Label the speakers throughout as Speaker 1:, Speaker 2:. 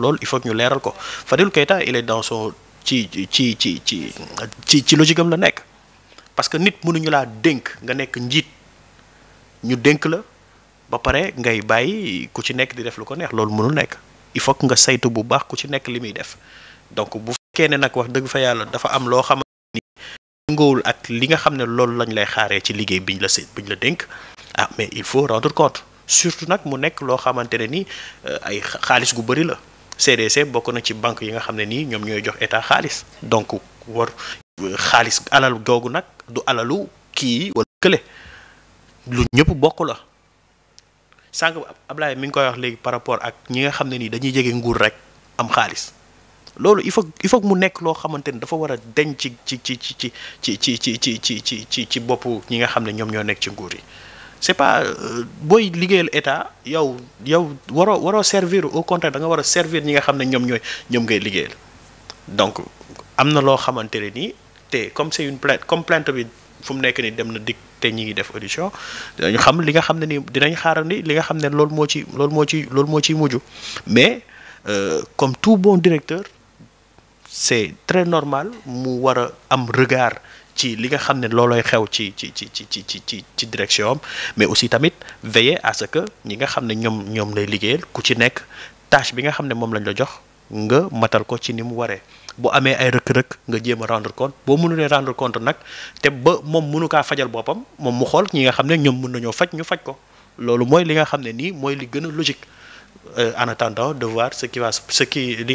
Speaker 1: loolu il faut ñu leeral ko Fadilou Keita il est dans ci ci ci ci ci ci logique am la nekk parce que nit mënuñu laa dénk nga nekk njiit ñu dénk la ba pare ngay bàyyi ku ci nekk di def lu ko neex loolu mënul nekk il faut nga saytu bu baax ku ci nekk li muy def donc bu fekkee ne nag wax dëgg fa yàlla dafa am loo xam ni ngoowul ak li nga xam ne loolu lañ lay xaaree ci liggéey biñ la seet biñ la dénk ah mais il faut rendre compte surtout nag mu nekk loo xamante ne ni euh, ay xaalis gu bëri la CDC bokk na ci banque yi nga xam ne nii ñoom ñooy jox état xaalis donc war xaalis alal googu nag du alalu kii wala kële lu ñëpp bokk la sànq Ablaye mi ngi koy wax léegi par rapport ak ñi nga xam ne nii dañuy jege nguur rek am xaalis loolu il faut il faut mu nekk loo xamante ni dafa war a deñ ci ci ci ci ci ci ci ci ci ci ci ci boppu ñi nga xam ne ñoom ñoo nekk ci nguur yi c'est pas euh, booy liggéeyal état yow yow waroo waroo servir au contraire da nga war a servir ñi nga xam ne ñoom ñooy ñoom ngay liggéeyal donc am na loo xamante ne nii te comme c'est une plainte comme plainte bi fu mu nekk nii dem na dig te ñi ngi def audition dinañu xam li nga xam ne nii dinañ xaaral ni li nga xam ne loolu moo ci loolu moo ci loolu moo ciy mujj mais euh, comme tout bon directeur c'est très normal mu war a am regard ci li nga xam ne loolooy xew ci ci ci ci ci ci ci ci direction mais aussi tamit veiller à ce que ñi nga xam ne ñoom ñoom lay liggéeyal ku ci nekk tâche bi nga xam ne moom lañ la jox nga matal ko ci ni mu waree bu amee ay rëkk-rëkk nga jéem a rendre compte boo mënulee rendre compte nag te ba moom mënu kaa fajal boppam moom mu xool ñi nga xam ne ñoom mun nañoo faj ñu faj ko loolu mooy li nga xam ne nii mooy li gën a logique euh, en attendant de voir ce qui va ce qui li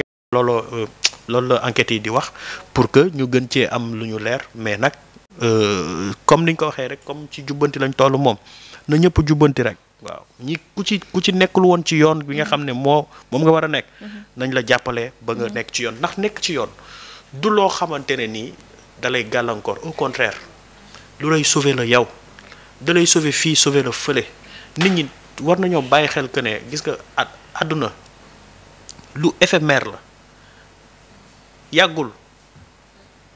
Speaker 1: loolu la enquêtes yi di wax pour que ñu gën cee am lu ñu leer mais nag euh, comme niñ ko waxee rek comme ci jubbanti lañ toll moom na ñëpp jubbanti rek waaw ñi ku ci ku ci nekkul woon ci yoon bi nga xam ne moo moom nga war a nekk mhm. nañ la jàppale ba nga mhm. nekk ci yoon ndax nekk ci yoon du loo xamante ne nii dalay gàllankoor au contraire lu lay sauver la yow da lay sauver fii sauver la fële nit ñi war nañoo bàyyi xel que ne gis nga àdduna lu éphémère la yàggul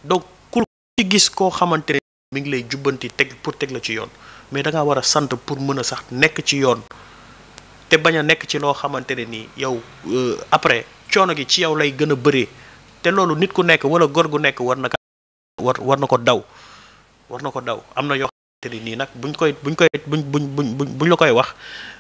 Speaker 1: donc ku gis koo xamante ne mu ngi lay jubbanti teg pour teg la ci yoon mais da ngaa war a sant pour mën a sax nekk ci yoon te bañ a nekk ci loo xamante ne nii yow euh, après coono gi ci yow lay gën a bëree te loolu nit ku nekk wala góor gu nekk war na ko war war na ko daw war na ko daw am na yoo te ni nii nag buñ koy buñ koy buñ buñ buñ la koy wax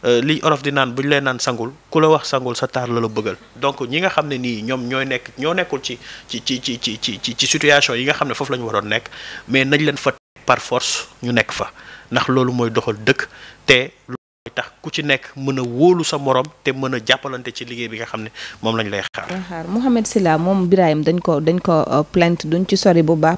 Speaker 1: euh, liy olof di naan buñ leen naan sangul ku la wax sangul sa taar la la bëggal donc ñi nga xam ne nii ñoom ñooy nekk ñoo nekkul ci ci ci ci ci ci ci situation yi nga xam ne foofu la ñu waroon nekk mais nañ leen fa par force ñu nekk fa ndax loolu mooy doxal dëkk te loolu tax ku ci nekk mën a wóolu sa moroom te mën a jàppalante ci liggéey bi nga xam ne moom lañ lay xaar. Mouhamed Sylla moom Birahim dañ ko dañ ko euh, bu baax.